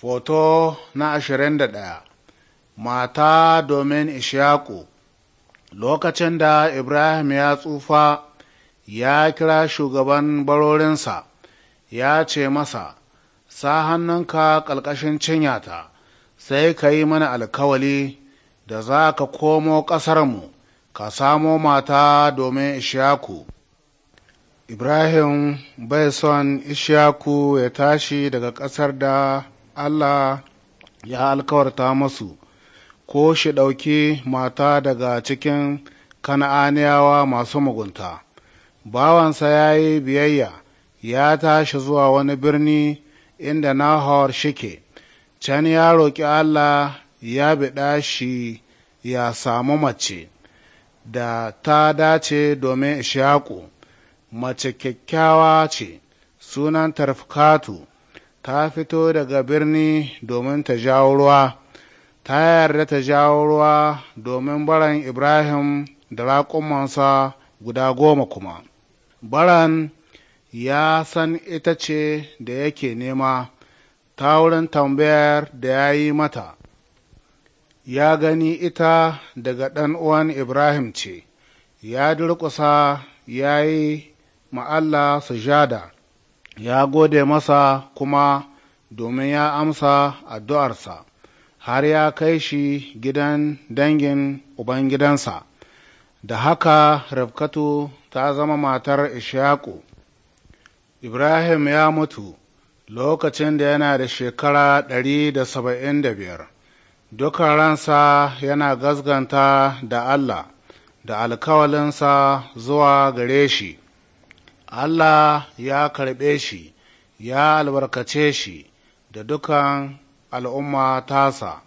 Foto na ashirin da ɗaya Mata domin Ishaku Lokacin da Ibrahim ya tsufa ya kira shugaban barorinsa ya ce masa, Sa hannunka ƙalƙashin cinyata, sai ka yi mana alkawali da za ka komo ƙasarmu, ka samo mata domin Ishaku. Ibrahim bai son Ishaku ya tashi daga ƙasar da Allah ya alkawarta masu ko shi ɗauki mata daga cikin kana'aniyawa masu mugunta bawansa ya yi biyayya ya tashi zuwa wani birni inda nahawar shike can ya roƙi Allah ya biɗa shi ya samu mace da ta dace domin ishaku mace kyakkyawa ce sunan tarfikatu ta fito daga birni domin ta jawo ruwa ta yarda ta jawo ruwa domin baran ibrahim da raƙumansa guda goma kuma baran ya san ita ce da yake nema ta wurin tambayar da ya yi mata ya gani ita daga ɗan uwan Ibrahim ce, ya durƙusa ya yi ma'alla sujada, ya gode masa kuma domin ya amsa addu'arsa har ya kai shi gidan dangin ubangidansa da haka rafkatu ta zama matar ishaku ibrahim ya mutu lokacin da yana da shekara ɗari da saba'in da biyar dukan ransa yana gasganta da allah da alkawalinsa zuwa gare shi Allah ya karɓe shi ya albarkace shi da dukan al'umma tasa.